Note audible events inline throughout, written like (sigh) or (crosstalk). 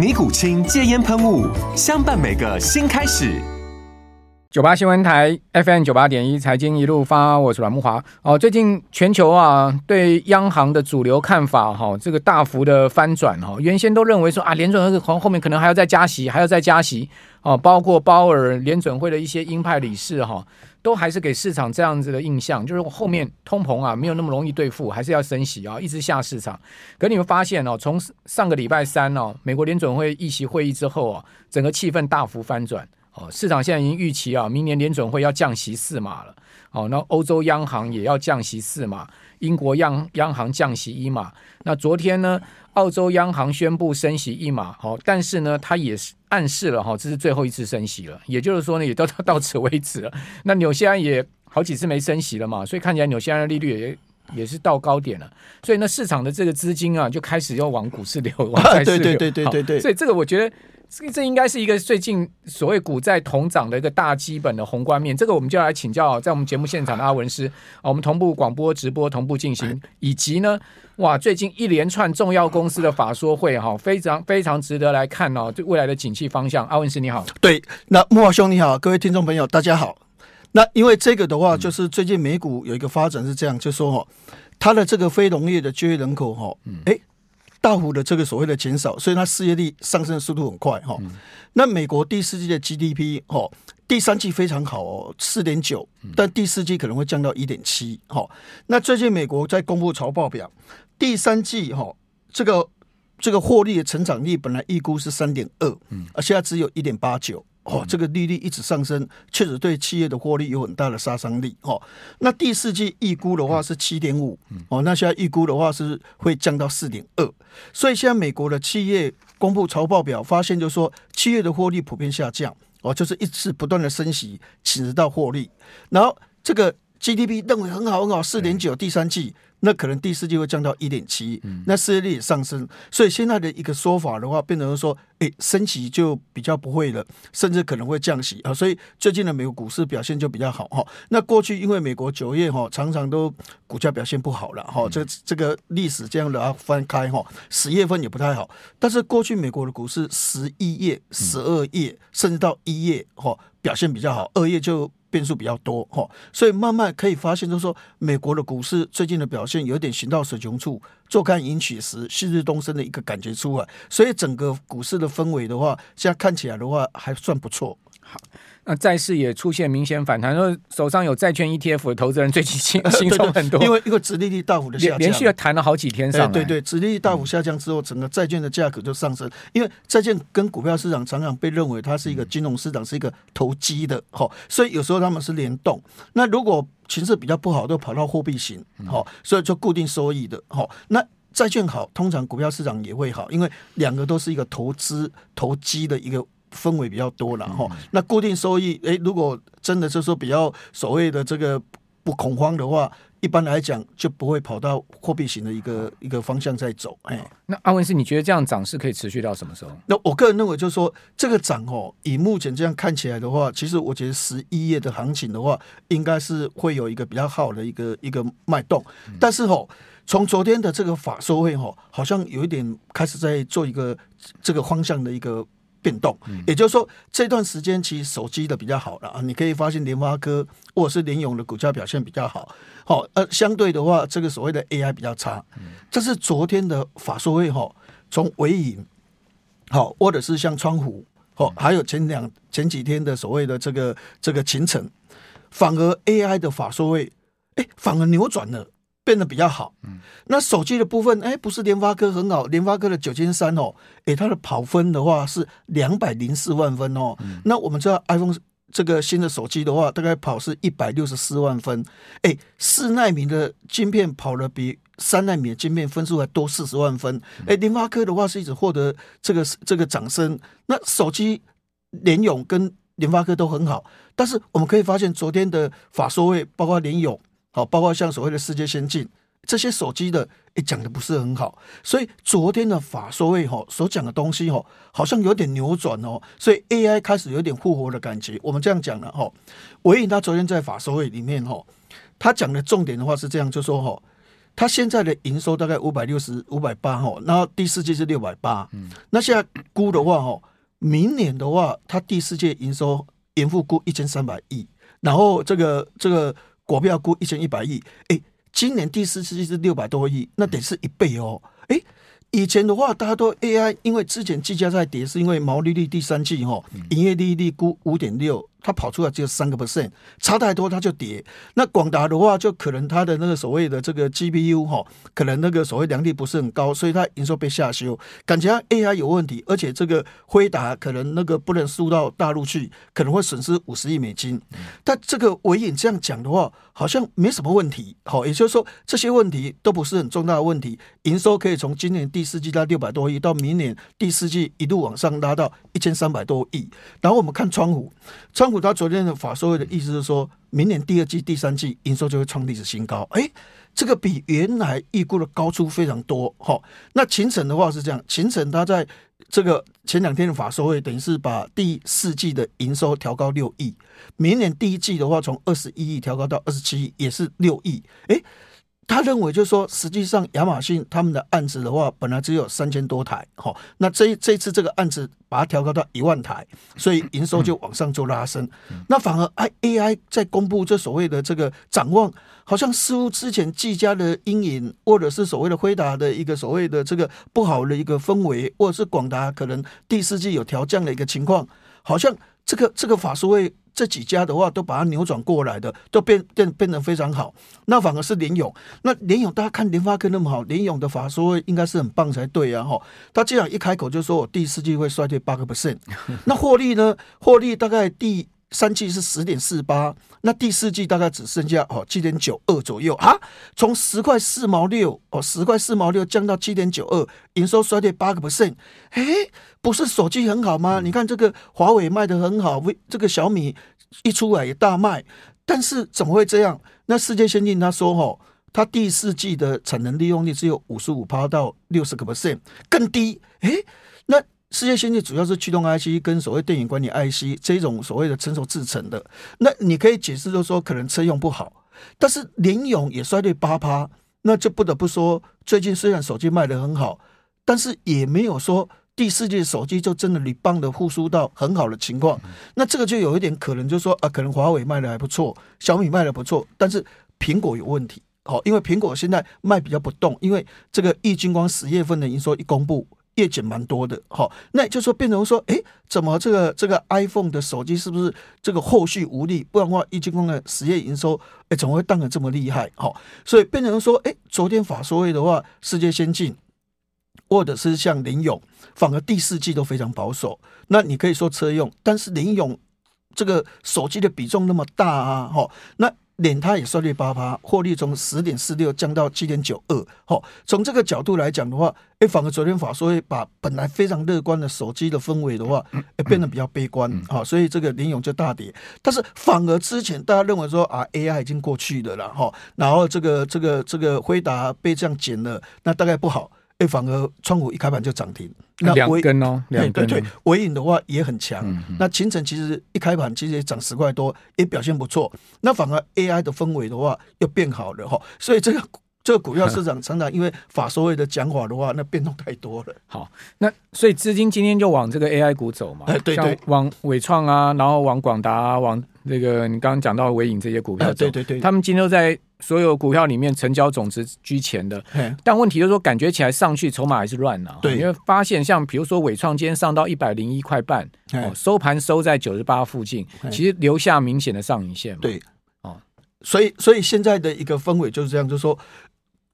尼古清戒煙噴霧，相伴每個新開始。九八新聞台 FM 九八點一，財經一路發，我是阮慕驊。哦，最近全球啊，對央行的主流看法哈、哦，這個大幅的翻轉哈、哦，原先都認為說啊，聯準會後面可能還要再加息，還要再加息哦。包括鮑爾聯準會的一些鷹派理事哈、哦，都還是給市場這樣子的印象，就是後面通膨啊沒有那麼容易對付，還是要升息啊、哦，一直下市場。可你們發現哦，從上個禮拜三哦，美國聯準會議息會議之後哦，整個氣氛大幅翻轉。哦，市場現在已經預期啊，明年聯準會要降息四碼了。哦，那歐洲央行也要降息四碼，英國央央行降息一碼。那昨天呢，澳洲央行宣布升息一碼。好、哦，但是呢，它也是暗示了哈、哦，這是最後一次升息了，也就是說呢，也都到到此為止了。那紐西蘭也好幾次沒升息了嘛，所以看起來紐西蘭的利率也也是到高點了。所以呢，市場的這個資金啊，就開始要往股市流，往股市流、啊。對對對對對對，對。所以這個我覺得。這這應該是一個最近所謂股債同漲的一個大基本的宏觀面，這個我們就要來請教在我們節目現場的阿文師啊，我們同步廣播直播同步進行，以及呢，哇，最近一連串重要公司的法說會哈，非常非常值得來看哦，就未來的景氣方向。阿文師你好，對、嗯，那慕驊兄你好，各位聽眾朋友大家好。那因為這個的話，就是最近美股有一個發展是這樣，就說哦，它的這個非農業的就業人口哈，哎。大幅的這個所謂的減少，所以它失業率上升的速度很快哈。嗯。那美國第四季的 GDP 哦，第三季非常好哦，四點九，但第四季可能會降到一點七哈。那最近美國在公布財報表，第三季哦，這個這個獲利的成長率本來預估是三點二，嗯，而現在只有一點八九。哦，這個利率一直上升，確實對企業的獲利有很大的殺傷力。哦，那第四季預估的話是七點五，哦，那現在預估的話是會降到四點二。所以現在美國的企業公布財報表，發現就是說，企業的獲利普遍下降，哦，就是一直不斷的升息，直到獲利。然後這個。GDP 認為很好很好，四點九，第三季，嗯、那可能第四季會降到一點七，那失業率也上升，所以現在的一個說法的話，變成說，哎、欸，升息就比較不會了，甚至可能會降息啊、哦，所以最近的美國股市表現就比較好哈、哦。那過去因為美國九月哈常常都股價表現不好了哈，這、哦嗯、這個歷史這樣的啊翻開哈，十、哦、月份也不太好，但是過去美國的股市十一月、十二月、嗯、甚至到一月哈、哦、表現比較好，二月就。變數比較多哈，所以慢慢可以發現，就是說美國的股市最近的表現有點行到水窮處，坐看雲起時，旭日東升的一個感覺出來，所以整個股市的氛圍的話，現在看起來的話還算不錯。好，那債市也出現明顯反彈，手上有債券 ETF 的投資人最近輕輕鬆很多。對對，因為一個殖利率大幅的下降連，連續的彈了好幾天上，對對、對，殖利率大幅下降之後，整個債券的價格就上升，因為債券跟股票市場常常被認為它是一個金融市場、嗯、是一個投機的，好，所以有時候他們是連動。那如果情勢比較不好，就跑到貨幣型，好，所以就固定收益的，好，那債券好，通常股票市場也會好，因為兩個都是一個投資投機的一個。氛圍比較多了哈、嗯，那固定收益哎、欸，如果真的就是說比較所謂的這個不恐慌的話，一般來講，就不會跑到貨幣型的一個、嗯、一個方向在走哎、嗯嗯嗯。那阿文師，你覺得這樣漲勢可以持續到什麼時候？那我個人認為就是說，這個漲哦，以目前這樣看起來的話，其實我覺得十一月的行情的話，應該是會有一個比較好的一個一個脈動、嗯。但是哦，從昨天的這個法說會哦，好像有一點開始在做一個這個方向的一個。變動，也就是說，這段時間其實手機的比較好了啊，你可以發現聯發科或者是聯詠的股價表現比較好，好、哦，呃，相對的話，這個所謂的 AI 比較差，這是昨天的法說會哈，從緯穎，好，或者是像川湖哦，還有前兩前幾天的所謂的這個這個勤誠，反而 AI 的法說會，哎，反而扭轉了。變得比較好，嗯、那手機的部分，哎、欸，不是聯發科很好，聯發科的九千三哦，哎、欸，它的跑分的話是兩百零四萬分哦、嗯，那我們知道 iPhone 這個新的手機的話，大概跑是一百六十四萬分，哎、欸，四奈米的晶片跑得比三奈米的晶片分數還多四十萬分，哎、嗯，聯、欸、發科的話是一直獲得這個這個掌聲，那手機聯詠跟聯發科都很好，但是我們可以發現昨天的法說會，包括聯詠。好，包括像所謂的世界先進這些手機的，也講的不是很好，所以昨天的法說會所講的東西好像有點扭轉哦，所以 AI 開始有點復活的感覺。我們這樣講了哈，緯穎他昨天在法說會裡面哈，他講的重點的話是這樣，就是說哈，他現在的營收大概五百六十五百八哈，然後第四季是六百八，嗯，那現在估的話哈，明年的話，他第四季營收延複估一千三百億，然後這個這個。國票估一千一百億，哎、欸，今年第四季是六百多億，那得是一倍哦，哎、欸，以前的話大家都 AI，因為之前計價在跌，是因為毛利率第三季哈，營業利率估五點六。它跑出來只有三個 percent，差太多它就跌。那廣達的話，就可能它的那個所謂的這個 GPU 哈，可能那個所謂良率不是很高，所以它營收被下修，感覺它 AI 有問題。而且這個輝達可能那個不能輸到大陸去，可能會損失五十億美金。嗯。但這個緯穎這樣講的話，好像沒什麼問題，好，也就是說這些問題都不是很重大的問題，營收可以從今年第四季到六百多億，到明年第四季一度往上拉到一千三百多億。然後我們看窗戶窗。他昨天的法說會的意思是說，說明年第二季、第三季營收就會創歷史新高。哎，這個比原來預估的高出非常多。哈，那秦晨的話是這樣，秦晨他在這個前兩天的法說會，等於是把第四季的營收調高六億，明年第一季的話，從二十一億調高到二十七億，也是六億。哎。他認為就是說，實際上亞馬遜他們的案子的話，本來只有三千多台，哈，那這這一次這個案子把它調高到一萬台，所以營收就往上做拉升。嗯嗯、那反而 AI 在公布這所謂的這個展望，好像似乎之前技嘉的陰影，或者是所謂的輝達的一個所謂的這個不好的一個氛圍，或者是廣達可能第四季有調降的一個情況，好像這個這個法說會。這幾家的話，都把它扭轉過來的，都變變變得非常好。那反而是聯詠，那聯詠大家看聯發科那麼好，聯詠的法說應該是很棒才對啊。吼、哦，他這樣一開口就說，我第四季會衰退八個 percent，那獲利呢？獲利大概第。三季是十點四八，那第四季大概只剩下哦七點九二左右啊，從十塊四毛六哦十塊四毛六降到七點九二，營收衰退八個 percent，哎，不是手機很好嗎、嗯？你看這個華為賣得很好，為這個小米一出來也大賣，但是怎麼會這樣？那世界先進他說哦，他第四季的產能利用率只有五十五趴到六十個 percent，更低，哎、欸，那。世界先進主要是驅動 IC 跟所謂電影管理 IC 這種所謂的成熟製程的，那你可以解釋就是說可能車用不好，但是聯詠也衰退八趴，那就不得不說，最近雖然手機賣的很好，但是也沒有說第四季手機就真的很棒的復甦到很好的情況，嗯，那這個就有一點可能就是說啊，可能華為賣的還不錯，小米賣的不錯，但是蘋果有問題，好，哦，因為蘋果現在賣比較不動，因為這個易晶光十月份的營收一公布。月減蠻多的，好，那也就是說變成說，哎、欸，怎麼這個這個 iPhone 的手機是不是這個後續無力？不然的話，玉晶光的十月營收，哎、欸，怎麼會 down 得這麼厲害？好，所以變成說，哎、欸，昨天法說會的話，世界先進或者是像聯詠，反而第四季都非常保守。那你可以說車用，但是聯詠這個手機的比重那麼大啊，好，那。臉它也衰率8趴，獲利從十點四六降到七點九二，好，從這個角度來講的話，哎，反而昨天法說會把本來非常樂觀的手機的氛圍的話，哎，變得比較悲觀，好，所以這個聯詠就大跌，但是反而之前大家認為說啊，AI 已經過去的了，好，然後這個這個這個輝達被這樣減了，那大概不好。哎、欸，反而創股一開盤就漲停，那兩根哦，兩根對緯穎的話也很強。嗯、那勤誠其實一開盤其實也漲十塊多，也表現不錯。那反而 AI 的氛圍的話又變好了哈，所以這個這個股票市場，常常因為法說會的講法的話，那變動太多了。好，那所以資金今天就往這個 AI 股走嘛，欸、對對，往緯創啊，然後往廣達、啊，往這個你剛剛講到緯穎這些股票、欸，對對對，他們今天都在。所有股票裡面成交總值居前的，但問題就是說，感覺起來上去籌碼還是亂啊。對，因為發現像比如說緯創今天上到一百零一塊半，收盤收在九十八附近，其實留下明顯的上影線。對，哦，所以所以現在的一個氛圍就是這樣，就是說，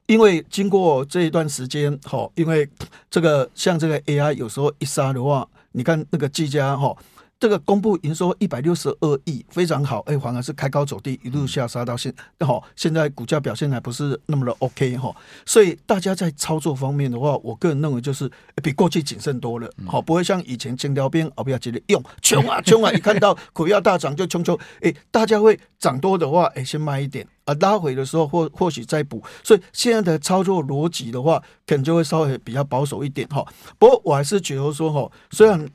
因為經過這一段時間哈，因為這個像這個 AI 有時候一殺的話，你看那個技嘉哈。這個公布營收一百六十二億，非常好。哎，反而是開高走低，一路下殺到現。好，現在股價表現還不是那麼的 OK 哈、哦。所以大家在操作方面的話，我個人認為就是比過去謹慎多了。好、嗯哦，不會像以前輕挑邊，而不要急着用窮啊窮啊，窮啊！一看到股票大漲就窮窮。哎，大家會漲多的話，哎，先賣一點啊、呃，拉回的時候或或許再補。所以現在的操作邏輯的話，可能就會稍微比較保守一點哈、哦。不過我還是覺得說哈，雖然。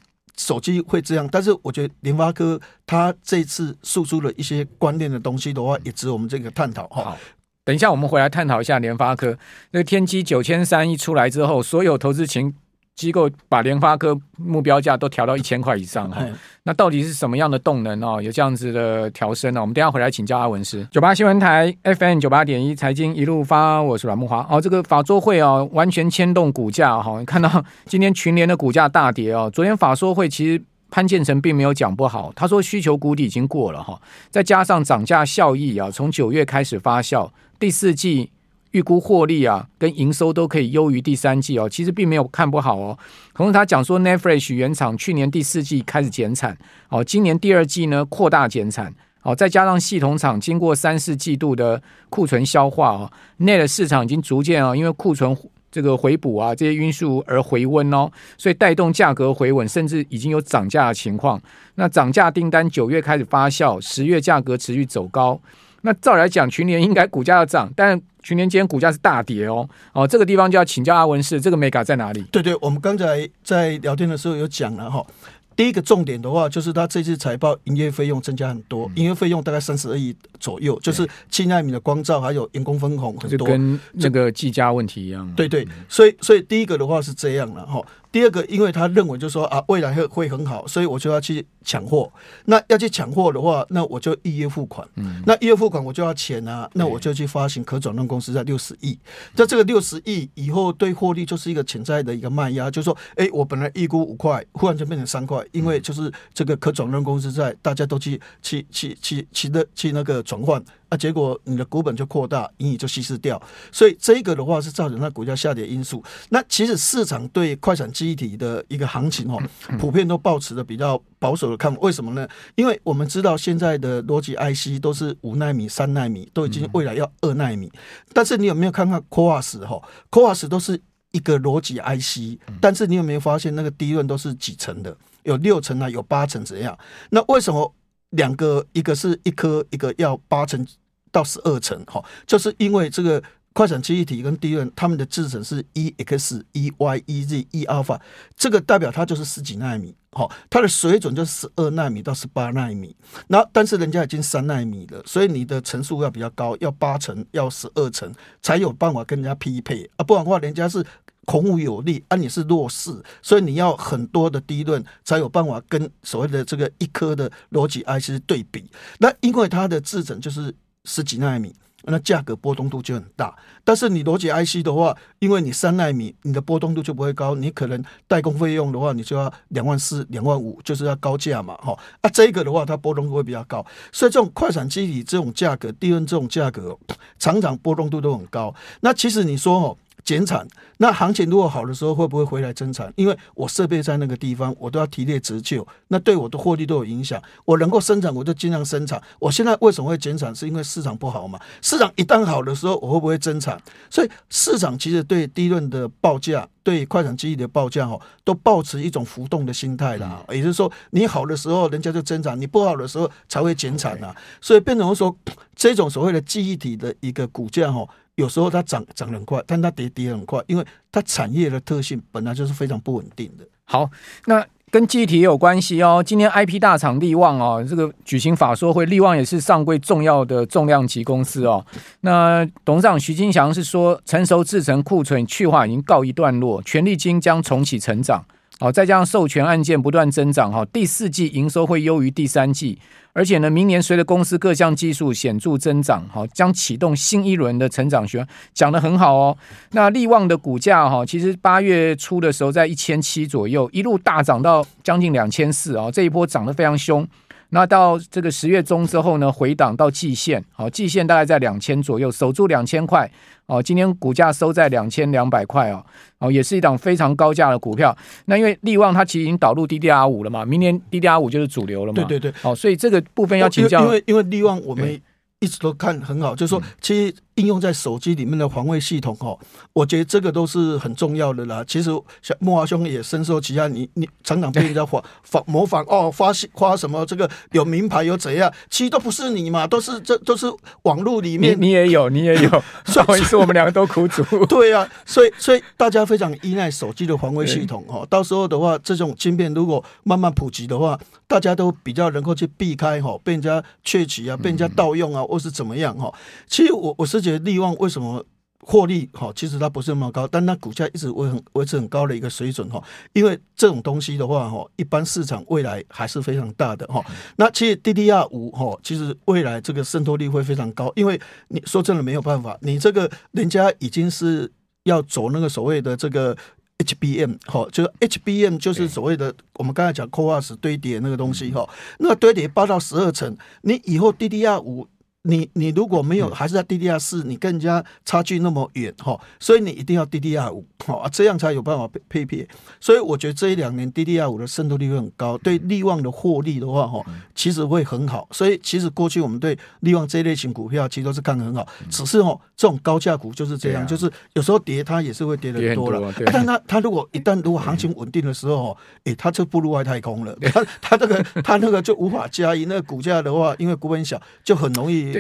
手機會這樣，但是我覺得聯發科它這次輸出了一些觀念的東西的話，也值我們這個探討哈、哦。好，等一下我們回來探討一下聯發科那天璣九千三一出來之後，所有投資情。機構把聯發科目標價都調到一千塊以上，哦嗯，那到底是什麼樣的動能哦？有這樣子的調升呢，啊？我們等一下回來請教阿文師。九八新聞台 FM 九八點一財經一路發，我是阮慕驊。哦，這個法說會哦，完全牽動股價哈，哦。看到今天群聯的股價大跌哦，昨天法說會其實潘建成並沒有講不好，他說需求谷底已經過了哈，哦，再加上漲價效益啊，哦，從九月開始發酵，第四季。預估獲利啊，跟營收都可以優於第三季哦，其實並沒有看不好哦。同時他講說，NAND Flash 原廠去年第四季開始減產哦，今年第二季呢擴大減產哦，再加上系統廠經過三四季度的庫存消化哦，內的市場已經逐漸啊，因為庫存這個回補啊，這些因素而回溫哦，所以帶動價格回穩，甚至已經有漲價的情況。那漲價訂單九月開始發酵，十月價格持續走高。那照來講，群聯應該股價要漲，但群聯今天股價是大跌哦。哦，這個地方就要請教阿文師，這個 mega 在哪裡？對對，我們剛才在聊天的時候有講了哈、哦。第一個重點的話，就是他這次財報營業費用增加很多，嗯、營業費用大概三十二億左右，嗯、就是七奈米的光照還有員工分紅很多，就跟這個計價問題一樣、嗯。對對，所以所以第一個的話是這樣了哈。哦第二個，因為他認為就是說啊，未來會會很好，所以我就要去搶貨。那要去搶貨的話，那我就預約付款。嗯、那預約付款我就要錢啊，那我就去發行可轉換公司債六十億。那、嗯、這個六十億以後對獲利就是一個潛在的一個賣壓，就說哎、欸，我本來預估五塊，忽然就變成三塊，因為就是這個可轉換公司債大家都去去去去去那去那個轉換。啊，結果你的股本就擴大，盈餘就稀釋掉，所以這一個的話是造成它股價下跌的因素。那其實市場對快閃記憶體的一個行情哦，普遍都抱持著比較保守的看法。為什麼呢？因為我們知道現在的邏輯 IC 都是五納米、三納米，都已經未來要二納米、嗯。但是你有沒有看看 CoWoS 哈 CoWoS 都是一個邏輯 IC，但是你有沒有發現那個低論都是幾層的？有六層啊，有八層怎樣？那為什麼兩個一個是一顆，一個要八層？到十二層，好、哦，就是因為這個快閃記憶體跟 DRAM，他們的制程是 e x e y e z e Alpha 這個代表它就是十幾納米，好、哦，它的水準就是十二納米到十八納米。那但是人家已經三納米了，所以你的層數要比較高，要八層，要十二層才有辦法跟人家匹配啊。不然的話，人家是孔武有力啊，你是弱勢，所以你要很多的 DRAM 才有辦法跟所謂的這個一顆的邏輯 IC 對比。那因為它的制程就是。十幾納米，那價格波動度就很大。但是你邏輯 IC 的話，因為你三納米，你的波動度就不會高。你可能代工費用的話，你就要兩萬四、兩萬五，就是要高價嘛，哈啊，這個的話它波動度會比較高。所以這種快閃記憶這種價格、低溫這種價格，常常波動度都很高。那其實你說哈。減產，那行情如果好的時候會不會回來增產？因為我設備在那個地方，我都要提列折舊，那對我的獲利都有影響。我能夠生產，我就儘量生產。我現在為什麼會減產？是因為市場不好嘛？市場一旦好的時候，我會不會增產？所以市場其實對低論的報價，對快閃記憶的報價哦，都抱持一種浮動的心態啦、嗯。也就是說，你好的時候人家就增產，你不好的時候才會減產啊。Okay. 所以變成說，這種所謂的記憶體的一個股價哦。有時候它漲漲很快，但它跌跌很快，因為它產業的特性本來就是非常不穩定的。好，那跟記憶體也有關係哦。今天 I P 大廠力旺哦，這個舉行法說會，力旺也是上櫃重要的重量級公司哦。那董事長徐金祥是說，成熟製程庫存去化已經告一段落，權利金將重啟成長。好、哦，再加上授權案件不斷增長，哈、哦，第四季營收會優於第三季，而且呢，明年隨着公司各項技術顯著增長，好、哦，將啟動新一輪的成長循環，講得很好哦。那力旺的股價哈、哦，其實八月初的時候在一千七左右，一路大漲到將近兩千四啊，這一波漲得非常凶。那到這個十月中之後呢，回檔到季線，好、哦，季線大概在兩千左右，守住兩千塊。哦，今天股價收在兩千兩百塊哦，哦，也是一檔非常高價的股票。那因為力旺它其實已經導入 DDR 五了嘛，明年 DDR 五就是主流了嘛。對對對。哦，所以這個部分要請教。因為因為力旺我們一直都看很好，就是說其實。應用在手機裡面的防衛系統哦，我覺得這個都是很重要的啦。其實像慕驊兄也深受其害，你你常常被人家仿仿模仿哦，發誇什麼這個有名牌有怎樣？其實都不是你嘛，都是這都是網絡裡面你也有你也有，算一次我們兩個都苦主。 (laughs) 對啊，所以所以大家非常依賴手機的防衛系統哈。 (laughs) 到時候的話，這種芯片如果慢慢普及的話，大家都比較能夠去避開哈，被人家竊取啊，被人家盜用啊，嗯、或是怎麼樣哈、啊。其實我我是覺。力旺為什麼獲利哈？其實它不是那麼高，但它股價一直維很維持很高的一個水準哈。因為這種東西的話哈，一般市場未來還是非常大的哈、嗯。那其實 DDR 五哈，其實未來這個滲透率會非常高。因為你說真的沒有辦法，你這個人家已經是要走那個所謂的這個 HBM 哈，就是 HBM 就是所謂的、嗯、我們剛才講 CoWoS 堆疊那個東西哈。那堆疊八到十二層，你以後 DDR 五。你你如果沒有還是在 DDR 四，你跟人家差距那麼遠哈，所以你一定要 DDR 五哈，這樣才有辦法配配片。所以我覺得這一兩年 DDR 五的滲透率會很高，對力旺的獲利的話哈，其實會很好。所以其實過去我們對力旺這一類型股票其實都是看的很好，只是哦這種高價股就是這樣，就是有時候跌它也是會跌的多了、啊啊，但它它如果一旦如果行情穩定的時候哦，誒、欸，它就步入外太空了，它它這個它那個就無法加以 (laughs) 那個股價的話因為股本小就很容易。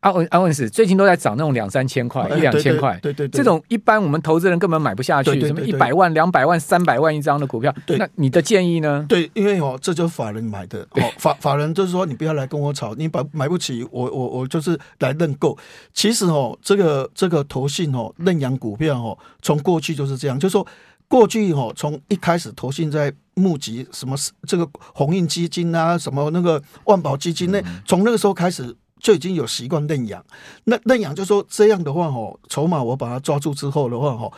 阿文師最近都在漲，那種兩三千塊、一兩千塊，對對，對，對對，這種一般我們投資人根本買不下去。對對對對什麼一百萬、兩百萬、三百萬一張的股票，對。那你的建議呢？對，因為哦，這就是法人買的哦，法法人就是說你不要來跟我炒，你買買不起，我我我就是來認購。其實哦，這個這個投信哦，認養股票哦，從過去就是這樣，就是說過去哦，從一開始投信在募集什麼這個鴻運基金啊，什麼那個萬寶基金那、嗯，從那個時候開始。就已經有習慣認養，那認養就說這樣的話吼，籌碼我把它抓住之後的話吼。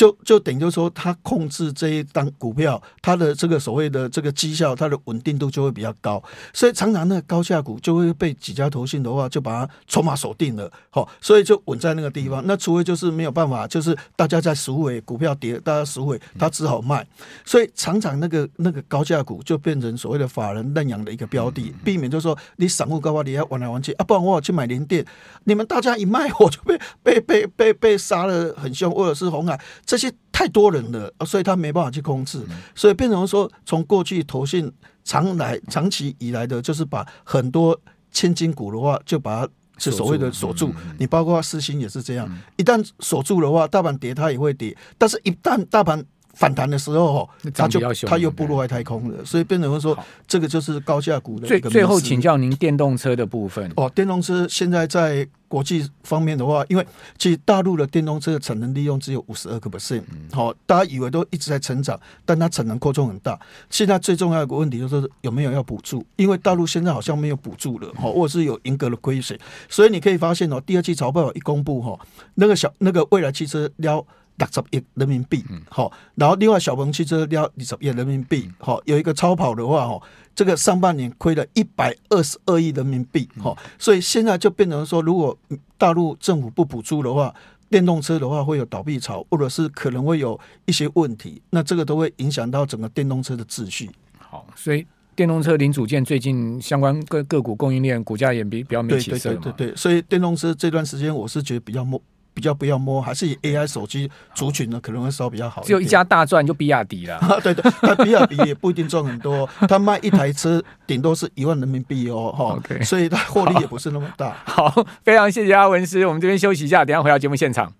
就就等於說，他控制這一檔股票，它的這個所謂的這個績效，它的穩定度就會比較高。所以，常常那個高價股就會被幾家投信的話，就把它籌碼鎖定了，好，所以就穩在那個地方。那除非就是沒有辦法，就是大家在贖回，股票跌，大家贖回，它只好賣。所以，常常那個那個高價股就變成所謂的法人認養的一個標的，避免就是說，你散戶高掛你要玩來玩去，啊。不然我好去買聯電你們大家一賣，我就被被被被被殺了很凶，或者是鴻海。這些太多人了，所以他沒辦法去控制，嗯、所以變成說，從過去投信長來長期以來的，就是把很多千金股的話，就把是所謂的鎖住，鎖住。嗯嗯。你包括他私心也是這樣，嗯、一旦鎖住的話，大盤跌它也會跌，但是一旦大盤。反彈的時候，哈，它就它又步入外太空了。嗯，所以變成說，這個就是高價股的最，最後請教您電動車的部分哦，電動車現在在國際方面的話，因為其實大陸的電動車的產能利用只有五十二個 percent，好，大家以為都一直在成長，但它產能擴充很大。現在最重要的一個問題就是有沒有要補助，因為大陸現在好像沒有補助了，好，哦，或者是有嚴格的規則，所以你可以發現哦，第二期草案一公布哈，那個小那個未來汽車聊。六十億人民幣，好、嗯，然後另外小鵬汽車要二十億人民幣，好、嗯哦，有一個超跑的話，哦，這個上半年虧了一百二十二億人民幣，好、嗯哦，所以現在就變成說，如果大陸政府不補助的話，電動車的話會有倒閉潮，或者是可能會有一些問題，那這個都會影響到整個電動車的秩序。好，所以電動車零組件最近相關各個股供應鏈股價也比比較沒起色，對對對，對，對所以電動車這段時間我是覺得比較末。比較不要摸，還是以 AI 手機族群呢，可能會燒比較好。只有一家大賺，就比亞迪了。對對，他比亞迪也不一定賺很多， (laughs) 他賣一台車頂多是一萬人民幣哦， (laughs) 哦 okay，所以他獲利也不是那麼大。好，好，非常謝謝阿文師，我們這邊休息一下，等一下回到節目現場。